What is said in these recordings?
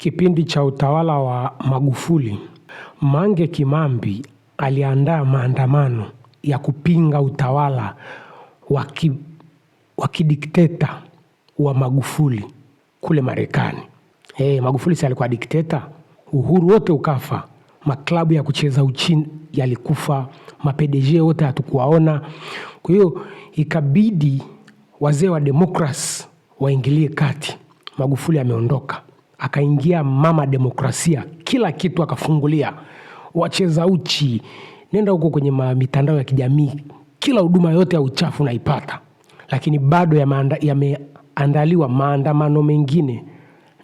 Kipindi cha utawala wa Magufuli, Mange Kimambi aliandaa maandamano ya kupinga utawala wa kidikteta wa Magufuli kule Marekani. Hey, eh, Magufuli si alikuwa dikteta? Uhuru wote ukafa, maklabu ya kucheza uchini yalikufa, mapedeje wote hatukuwaona. Kwa hiyo ikabidi wazee wa demokrasi waingilie kati. Magufuli ameondoka, akaingia mama demokrasia, kila kitu akafungulia, wacheza uchi, nenda huko kwenye mitandao ya kijamii, kila huduma yote ya uchafu naipata lakini bado yameandaliwa ya maandamano mengine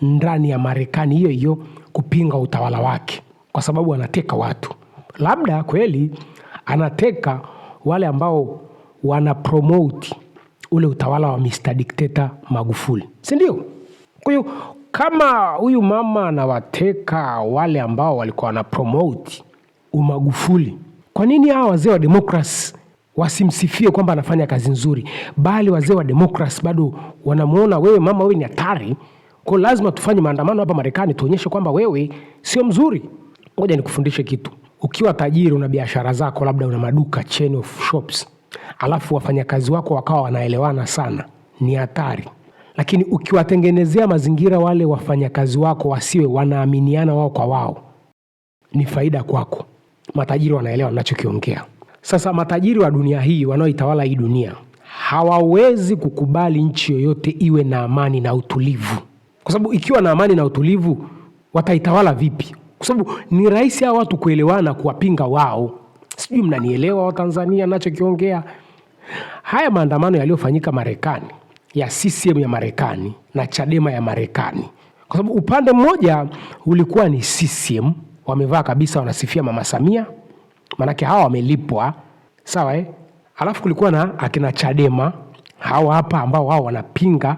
ndani ya Marekani hiyo hiyo kupinga utawala wake, kwa sababu anateka watu. Labda kweli anateka wale ambao wana ule utawala wa Mr. dikteta Magufuli, sindio kwahiyo kama huyu mama anawateka wale ambao walikuwa wana promote umagufuli, kwa nini hawa wazee wa demokras wasimsifie kwamba anafanya kazi nzuri, bali wazee wa demokras bado wanamwona wewe mama, wewe ni hatari, kwa lazima tufanye maandamano hapa Marekani tuonyeshe kwamba wewe sio mzuri. Ngoja nikufundishe kitu. Ukiwa tajiri, una biashara zako, labda una maduka, chain of shops, alafu wafanyakazi wako wakawa wanaelewana sana, ni hatari lakini ukiwatengenezea mazingira wale wafanyakazi wako wasiwe wanaaminiana wao kwa wao, ni faida kwako. Matajiri wanaelewa nachokiongea Sasa matajiri wa dunia hii wanaoitawala hii dunia hawawezi kukubali nchi yoyote iwe na amani na utulivu, kwa sababu ikiwa na amani na utulivu wataitawala vipi? Kwa sababu ni rahisi hao watu kuelewana, kuwapinga wao. Sijui mnanielewa Watanzania nachokiongea. Haya maandamano yaliyofanyika Marekani ya CCM ya Marekani na Chadema ya Marekani, kwa sababu upande mmoja ulikuwa ni CCM, wamevaa kabisa, wanasifia Mama Samia, manake hawa wamelipwa, sawa eh? Alafu kulikuwa na akina Chadema hawa hapa, ambao wao wanapinga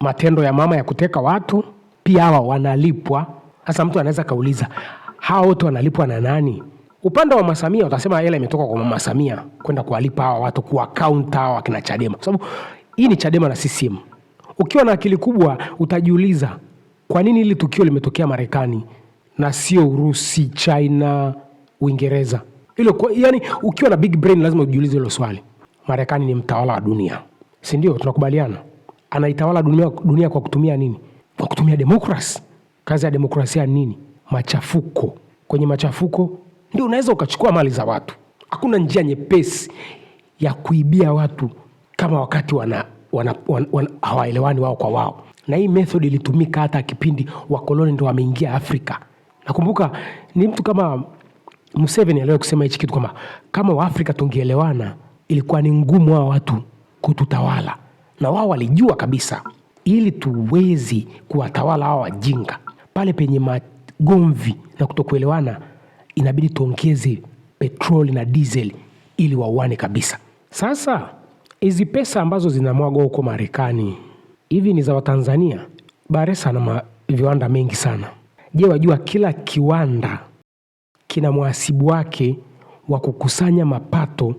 matendo ya mama ya kuteka watu, pia hawa wanalipwa. Sasa mtu anaweza kauliza hawa wote wanalipwa na nani? Upande wa Masamia utasema hela imetoka kwa Mama Samia kwenda kuwalipa hawa watu, kuwa kaunta hawa akina Chadema, kwa sababu hii ni Chadema na CCM. Ukiwa na akili kubwa utajiuliza kwa nini hili tukio limetokea Marekani na sio Urusi, China, Uingereza. kwa, yani, ukiwa na big brain lazima ujiulize hilo swali. Marekani ni mtawala wa dunia, si ndio? Tunakubaliana, anaitawala dunia, dunia kwa kutumia nini? Kwa kutumia demokrasi. Kazi ya demokrasia nini? Machafuko. Kwenye machafuko ndio unaweza ukachukua mali za watu. Hakuna njia nyepesi ya kuibia watu kama wakati wana, wana, wana, wana, hawaelewani wao kwa wao, na hii method ilitumika hata kipindi wakoloni ndo wameingia Afrika. Nakumbuka ni mtu kama Museveni aliwahi kusema hichi kitu kwamba kama Waafrika tungeelewana ilikuwa ni ngumu hao watu kututawala, na wao walijua kabisa, ili tuwezi kuwatawala hao wajinga. Pale penye magomvi na kutokuelewana, inabidi tuongeze petroli na dizeli ili wauane kabisa. Sasa hizi pesa ambazo zinamwagwa huko Marekani hivi ni za Watanzania? Baresa na viwanda mengi sana. Je, wajua kila kiwanda kina mwasibu wake wa kukusanya mapato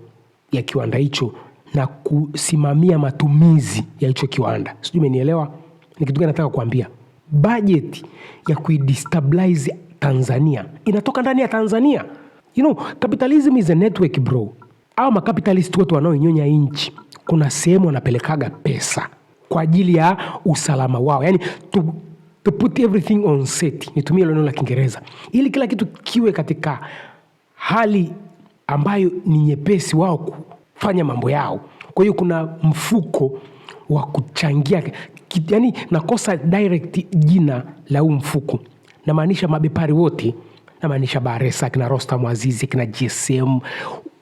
ya kiwanda hicho na kusimamia matumizi ya hicho kiwanda. Sijui umenielewa ni kitu gani nataka kuambia. Bajeti ya kuidestabilize Tanzania inatoka ndani ya Tanzania. You know, capitalism is a network bro au makapitalist wote wanaoinyonya nchi, kuna sehemu wanapelekaga pesa kwa ajili ya usalama wao, yani to, to put everything on set, nitumie neno la Kiingereza, ili kila kitu kiwe katika hali ambayo ni nyepesi wao kufanya mambo yao. Kwa hiyo kuna mfuko wa kuchangia, yani nakosa direct jina la huu mfuko, namaanisha mabepari wote namaanisha kina Rostam Azizi kina GSM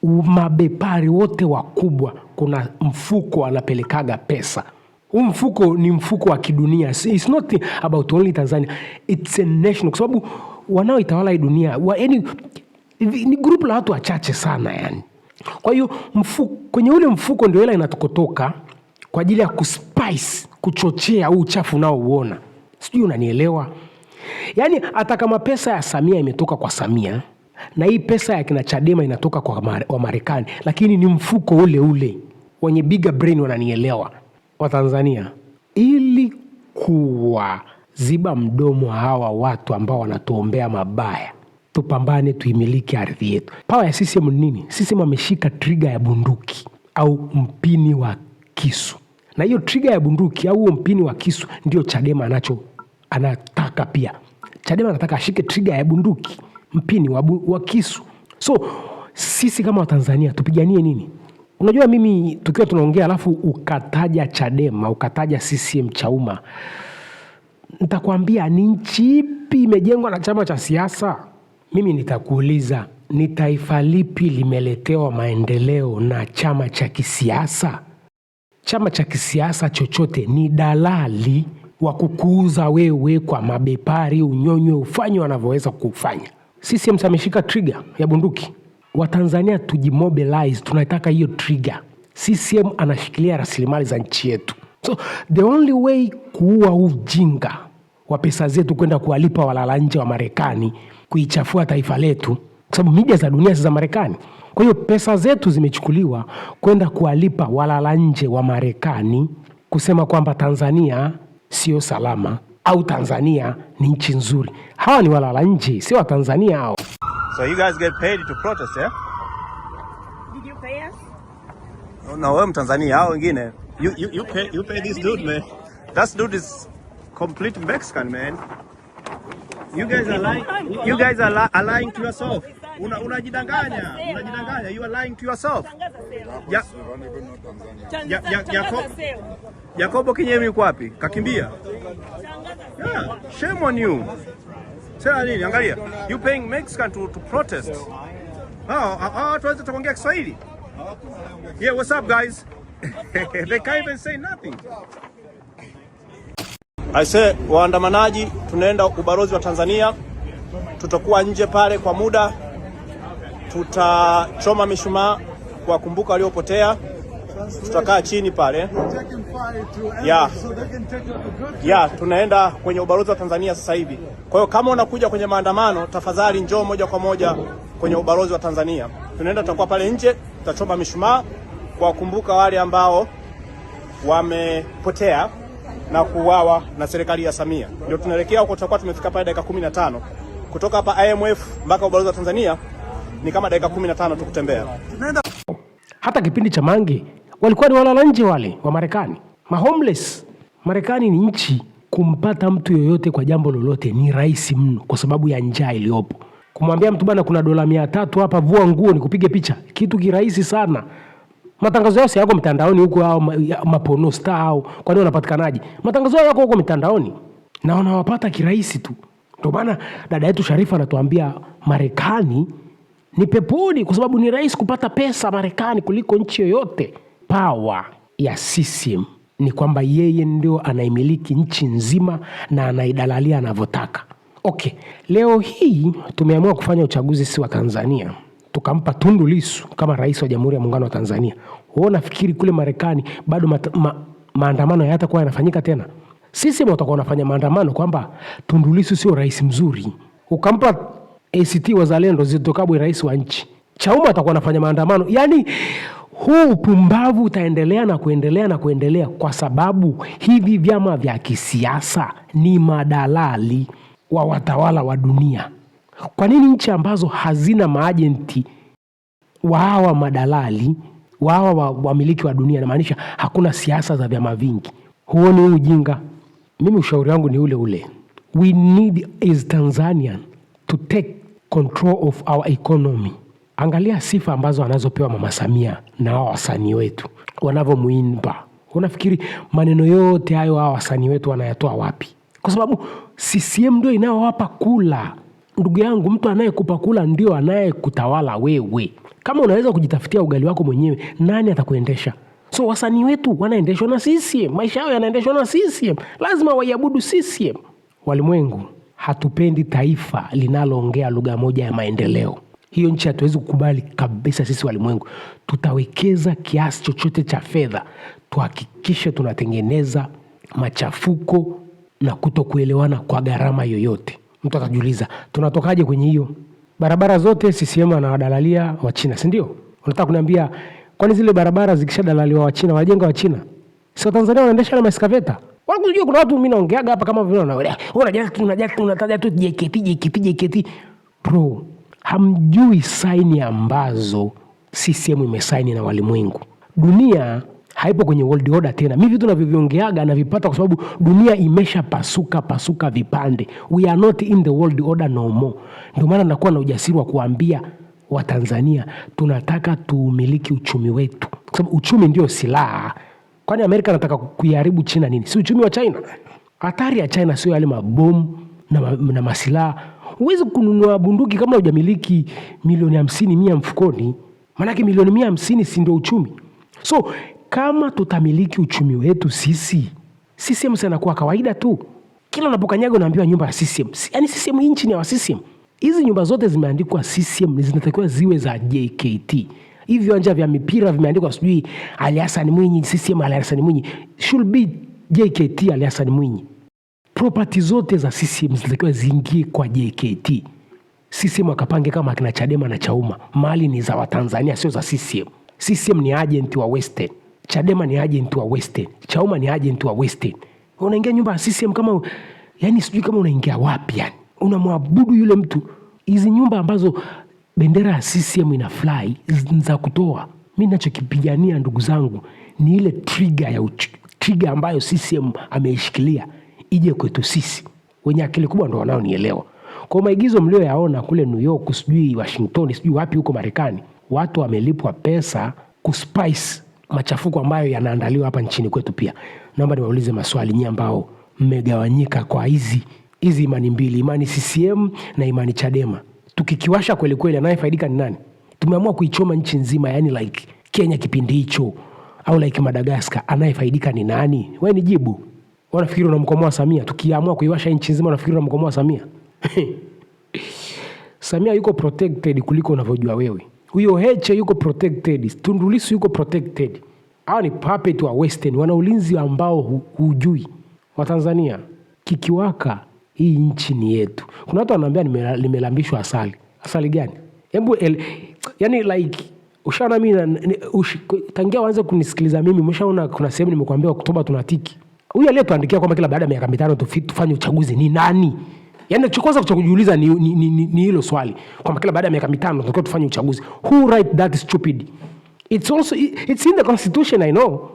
mabepari wote wakubwa kuna mfuko wanapelekaga pesa. Huu mfuko ni mfuko wa kidunia, it's not about only Tanzania, it's a national, kwa sababu wanaoitawala hii dunia wa, yani, ni grupu la watu wachache sana yani. Kwa hiyo kwenye ule mfuko ndio hela inatokotoka kwa ajili ya kuspice, kuchochea huu uchafu unaouona, sijui unanielewa? Yaani hata kama pesa ya Samia imetoka kwa Samia na hii pesa ya kina Chadema inatoka kwa Wamarekani, lakini ni mfuko ule ule. Wenye bigger brain wananielewa tanzania ili kuwaziba mdomo hawa watu ambao wanatuombea mabaya, tupambane, tuimiliki ardhi yetu. Pawa ya CCM nini? CCM ameshika triga ya bunduki au mpini wa kisu, na hiyo triga ya bunduki au huo mpini wa kisu ndio Chadema anacho anataka pia. Chadema anataka ashike triga ya bunduki mpini wa kisu. So sisi kama Watanzania tupiganie nini? Unajua, mimi tukiwa tunaongea alafu ukataja Chadema ukataja CCM Chauma, nitakwambia ni nchi ipi imejengwa na chama cha siasa? Mimi nitakuuliza ni taifa lipi limeletewa maendeleo na chama cha kisiasa? Chama cha kisiasa chochote ni dalali wa kukuuza wewe kwa mabepari, unyonywe, ufanye wanavyoweza kufanya. CCM ameshika trigger ya bunduki. Watanzania tujimobilize, tunataka hiyo trigger. CCM anashikilia rasilimali za nchi yetu, so the only way kuua ujinga wa pesa zetu kwenda kuwalipa walala nje wa Marekani, kuichafua taifa letu, kwa sababu media za dunia si za Marekani. Kwa hiyo pesa zetu zimechukuliwa kwenda kuwalipa walala nje wa Marekani, kusema kwamba Tanzania sio salama, au Tanzania ni nchi nzuri. Hawa ni walala nje, si wa Tanzania hao. So you guys get paid to protest, yeah? Did you pay us? Oh, no, wewe Mtanzania hao wengine. You you you pay you pay this dude, man. That dude is complete Mexican, man. You guys are lying. You guys are, li are lying to yourself. Unajidanganya, una unajidanganya. You are lying to yourself. Ya, ya, ya, ya, ya, ya, ya, ya, Kinyemi yuko wapi? Kakimbia. Yeah, shame on you. Sasa nini? Angalia. You paying Mexican to, to protest. Ah, ah, ah, Hatuwezi tuongea Kiswahili. Yeah, what's up guys? They can't even say nothing. I say waandamanaji, tunaenda ubalozi wa Tanzania. Tutakuwa nje pale kwa muda, tutachoma mishumaa kuwakumbuka waliopotea tutakaa chini pale ya yeah, tunaenda kwenye ubalozi wa Tanzania sasa hivi. Kwa hiyo kama unakuja kwenye maandamano, tafadhali njoo moja kwa moja kwenye ubalozi wa Tanzania. Tunaenda tutakuwa pale nje, tutachoma mishumaa kuwakumbuka wale ambao wamepotea na kuuawa na serikali ya Samia. Ndio tunaelekea huko, tutakuwa tumefika pale dakika 15 kutoka hapa IMF mpaka ubalozi wa Tanzania ni kama dakika 15 tu kutembea. Hata kipindi cha Mangi walikuwa ni walala nje wale wa Marekani, ma homeless. Marekani ni nchi, kumpata mtu yoyote kwa jambo lolote ni rahisi mno, kwa sababu ya njaa iliyopo. Kumwambia mtu bana, kuna dola mia tatu hapa, vua nguo ni kupige picha, kitu kirahisi sana. Matangazo yao si yako mtandaoni huko, hao mapono star au kwani wanapatikanaje? Matangazo yao yako huko mitandaoni na wanawapata kirahisi tu. Ndio maana dada yetu Sharifa anatuambia Marekani ni peponi, kwa sababu ni rahisi kupata pesa Marekani kuliko nchi yoyote pawa ya CCM ni kwamba yeye ndio anaimiliki nchi nzima na anaidalalia anavyotaka. Okay, leo hii tumeamua kufanya uchaguzi si wa Tanzania, tukampa Tundu Lisu kama rais wa Jamhuri ya Muungano wa Tanzania. Wewe unafikiri kule Marekani bado ma, ma, maandamano hayatakuwa yanafanyika tena? Sisi watakuwa wanafanya maandamano kwamba Tundu Lisu sio rais mzuri. Ukampa ACT Wazalendo Zitto Kabwe rais wa nchi Chauma atakuwa anafanya maandamano. Yaani huu upumbavu utaendelea na kuendelea na kuendelea, kwa sababu hivi vyama vya kisiasa ni madalali wa watawala wa dunia. Kwa nini nchi ambazo hazina maajenti wa hawa madalali wa hawa wamiliki wa dunia, namaanisha hakuna siasa za vyama vingi? Huoni huu ujinga? Mimi ushauri wangu ni ule ule, we need as Tanzanian to take control of our economy Angalia sifa ambazo anazopewa Mama Samia na awa wasanii wetu wanavyomuimba. Unafikiri maneno yote hayo awa wasanii wetu wanayatoa wapi? Kwa sababu CCM ndio inayowapa kula. Ndugu yangu, mtu anayekupa kula ndio anayekutawala wewe. Kama unaweza kujitafutia ugali wako mwenyewe, nani atakuendesha? So wasanii wetu wanaendeshwa na CCM, maisha yao yanaendeshwa na CCM, lazima waiabudu CCM. Walimwengu, hatupendi taifa linaloongea lugha moja ya maendeleo. Hiyo nchi hatuwezi kukubali kabisa. Sisi walimwengu tutawekeza kiasi chochote cha fedha, tuhakikishe tunatengeneza machafuko na kutokuelewana kwa gharama yoyote. Mtu atajiuliza tunatokaje kwenye hiyo? Barabara zote CCM anawadalalia Wachina, sindio Unataka kuniambia kwani zile barabara zikishadalaliwa Wachina wanajenga Wachina, si Watanzania wanaendesha na maskaveta? Unajua kuna watu mi naongeaga hapa kama vile unataja tu JKT jeketi jeketi bro hamjui saini ambazo CCM imesaini na walimwengu. Dunia haipo kwenye world order tena. Mimi vitu navyoviongeaga navipata kwa sababu dunia imesha pasuka vipande. We are not in the world order no more. Ndio maana nakuwa na ujasiri wa kuambia Watanzania tunataka tuumiliki uchumi wetu, kwa sababu uchumi ndio silaha. Kwani Amerika anataka kuiharibu China nini? Si uchumi wa China? Hatari ya China sio yale mabomu na, na masilaha Huwezi kununua bunduki kama hujamiliki milioni hamsini mia mfukoni, maanake milioni mia hamsini si ndio uchumi? So kama tutamiliki uchumi wetu sisi, CCM sanakuwa kawaida tu. Kila unapokanyaga unaambiwa nyumba ya CCM. Yaani CCM hii nchi ni ya CCM. Hizi nyumba zote zimeandikwa CCM, zinatakiwa ziwe za JKT. Hivi viwanja vya mipira vimeandikwa sijui Ali Mwinyi CCM, Ali Mwinyi should be JKT, Ali Mwinyi property zote za CCM zinatakiwa ziingie kwa JKT. CCM akapange kama akina Chadema na Chauma, mali ni za Watanzania, sio za CCM. CCM ni agent wa Western, Chadema ni agent wa Western, Chauma ni agent wa Western. Unaingia nyumba ya CCM kama yani, sijui kama unaingia wapi yani, unamwabudu yule mtu. Hizi nyumba ambazo bendera ya CCM ina fly za kutoa, mi nachokipigania ndugu zangu ni ile trigger ya uchu, trigger ambayo CCM ameishikilia ije kwetu sisi. Wenye akili kubwa ndo wanaonielewa. Kwa maigizo mlioyaona kule New York, sijui Washington, sijui wapi huko Marekani, watu wamelipwa pesa kuspice machafuko ambayo yanaandaliwa hapa nchini kwetu pia. Naomba niwaulize maswali nyi ambao mmegawanyika kwa hizi hizi imani mbili, imani CCM na imani Chadema. Tukikiwasha kweli kweli, anayefaidika ni nani? Tumeamua kuichoma nchi nzima, yani like Kenya kipindi hicho au like Madagascar, anayefaidika ni nani? Wewe jibu Wanafikiri unamkomoa Samia, tukiamua kuiwasha nchi nzima wanafikiri unamkomoa Samia. Samia yuko protected kuliko unavyojua wewe. Huyo Heche yuko protected, Tundu Lissu yuko protected. Hao ni puppet wa Western, wana ulinzi ambao hu, hujui. Watanzania, kikiwaka hii nchi ni yetu. Kuna watu wanaambia nimelambishwa asali. Asali gani? Hebu yani like ushaona mimi tangia waanze kunisikiliza mimi, umeshaona kuna sehemu nimekuambia Oktoba tunatiki huyu aliyetuandikia kwamba kila baada ya miaka mitano tufanye uchaguzi ni nani? Yani cha kwanza cha kujiuliza ni, ni, ni, ni, ni hilo swali kwamba kila baada ya miaka mitano tunatakiwa tufanye uchaguzi. Who write that stupid? It's also it's in the constitution I know.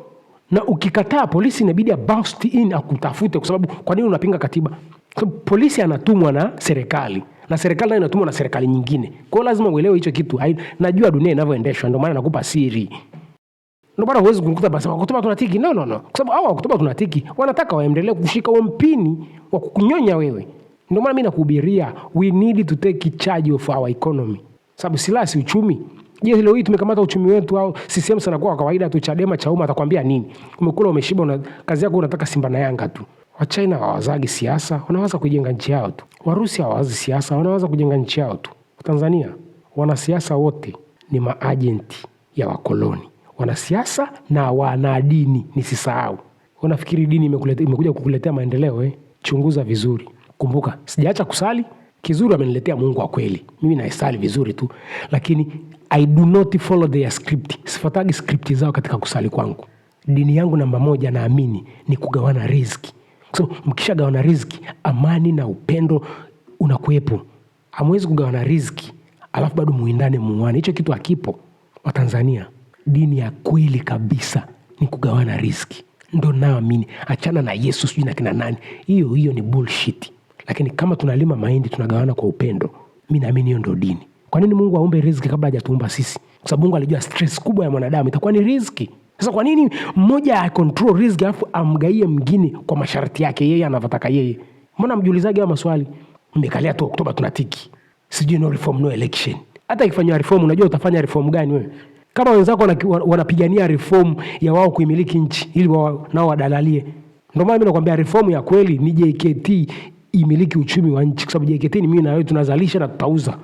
Na ukikataa polisi inabidi bust in akutafute kwa sababu kwa nini unapinga katiba? So, polisi anatumwa na serikali na serikali nayo inatumwa na serikali nyingine. Kwa hiyo lazima uelewe hicho kitu. Najua dunia inavyoendeshwa, ndio maana nakupa siri ndio bado huwezi kukuta basi wakutoba tiki no, no, no. Kwa sababu hao wakutoba tiki wanataka waendelee kushika huo mpini wa kukunyonya wewe. Ndio maana mimi nakuhubiria we need to take charge of our economy, sababu silaha si uchumi. Je, leo hii tumekamata uchumi wetu au CCM sana kwa kawaida tu Chadema cha umma atakwambia nini? Umekula umeshiba una, kazi yako unataka Simba na Yanga tu. Wa China hawazagi siasa, wanawaza kujenga nchi yao tu. Warusi hawazi siasa, wanawaza kujenga nchi yao tu. Tanzania wanasiasa wote ni maajenti ya wakoloni wanasiasa na wanadini, nisisahau. Unafikiri dini imekuja kukuletea maendeleo eh? Chunguza vizuri. Kumbuka, sijaacha kusali kizuri, ameniletea Mungu wa kweli. Mimi naisali vizuri tu, lakini I do not follow their script. Sifatagi script zao katika kusali kwangu. Dini yangu namba moja, naamini ni kugawana riziki, kwa sababu mkishagawana riziki, amani na upendo unakuwepo. Hamwezi kugawana riziki alafu bado muindane, muane, hicho kitu hakipo Watanzania dini ya kweli kabisa ni kugawana riski Ndo naamini achana na Yesu sijui na kina nani, hiyo hiyo ni bullshit. Lakini kama tunalima mahindi tunagawana kwa upendo, mi naamini hiyo ndo dini. Kwa nini Mungu aumbe riski kabla hajatuumba sisi? Kwa sababu Mungu alijua stress kubwa ya mwanadamu itakuwa ni riski Sasa kwa nini mmoja akontrol riziki alafu amgaie mgine kwa masharti yake yeye anavyotaka yeye? Mbona mjulizaji hayo maswali? Mmekalia tu Oktoba tunatiki, sijui no reform no election. Hata ikifanyiwa reform, unajua utafanya reform gani wewe? kama wenzako wanapigania reform ya wao kuimiliki nchi ili wao nao wadalalie. Ndio maana mimi nakwambia reform ya kweli ni JKT imiliki uchumi wa nchi, kwa sababu JKT ni mimi na wewe tunazalisha na tutauza.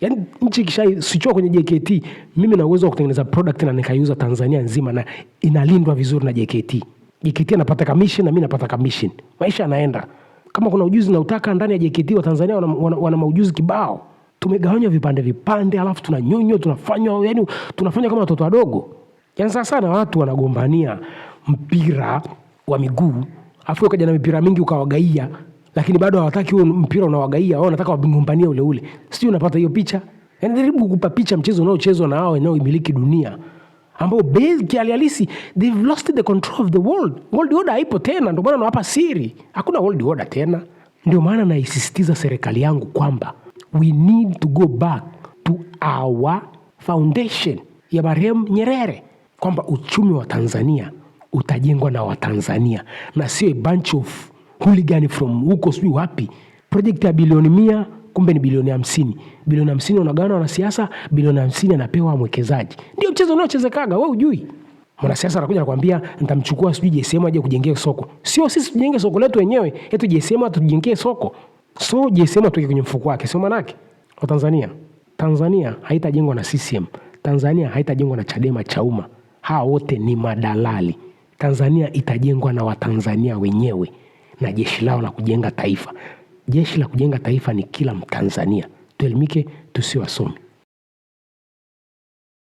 Yani nchi kisha ikishasichwa kwenye JKT, mimi na uwezo wa kutengeneza product na nikaiuza Tanzania nzima na inalindwa vizuri na JKT. JKT anapata commission na mimi napata commission. Maisha yanaenda. Kama kuna ujuzi na utaka ndani ya JKT wa Tanzania wana, wana, wana maujuzi kibao tumegawanywa vipande vipande, alafu tunanyonywa, tunafanywa yani tunafanywa kama watoto wadogo. Yani sasa sana watu wanagombania mpira wa miguu, afu ukaja na mipira mingi ukawagaia, lakini bado hawataki huo mpira unawagaia, wao wanataka wagombanie ule ule. Si unapata hiyo picha? Yani jaribu kupa picha mchezo unaochezwa na hao wanaoimiliki dunia ambao kihalisi they've lost the control of the world. World order haipo tena, ndio maana nawapa siri, hakuna world order tena. Ndio maana naisisitiza serikali yangu kwamba we need to go back to our foundation ya marehemu Nyerere, kwamba uchumi wa Tanzania utajengwa na Watanzania na sio bunch of hooligan from huko sijui wapi. Project ya bilioni mia kumbe ni bilioni hamsini. Bilioni hamsini wanagawana wanasiasa, bilioni hamsini anapewa mwekezaji. Ndio mchezo unaochezekaga, wewe ujui. Mwanasiasa anakuja anakuambia nitamchukua sijui JSM aje kujengea soko. Sio sisi tujenge soko letu wenyewe, eti JSM atujengee soko. So JSM atoke kwenye mfuko wake, sio manake kwa Tanzania. Tanzania haitajengwa na CCM. Tanzania haitajengwa na Chadema Chauma. Hawa wote ni madalali. Tanzania itajengwa na Watanzania wenyewe na jeshi lao la kujenga taifa. Jeshi la kujenga taifa ni kila Mtanzania. Tuelimike, tusiwasomi.